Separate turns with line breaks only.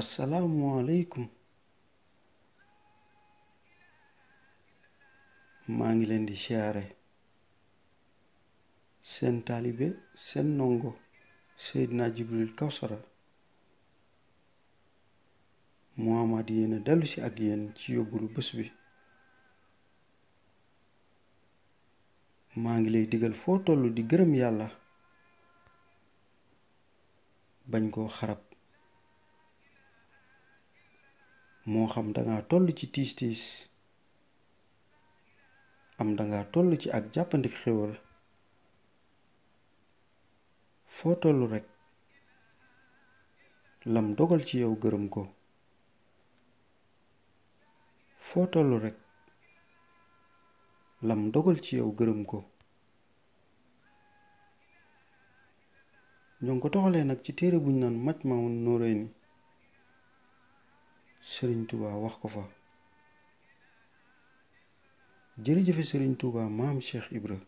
asalaamualeykum maa ngi leen di siyaare seen taalibe seen ndongo Seydina Jibril Kawsara Muhammad yéena dellu ak yéen ci yóbbalu bés bi maa ngi lay digal foo toll di gërëm yàlla bañ koo xarab moo xam danga toll ci tiis tiis am danga tollu ci ak jàppandik xéwal foo toll rekk lam dogal ci yow gërëm ko foo rekk lam dogal ci yow gërëm ko ñoo ngi ko toxalee nag ci téere buñ naan Majmahun Nurayni sëriñ Touba wax ko fa jërëjëfe sëriñ Touba maam Cheikh Ibra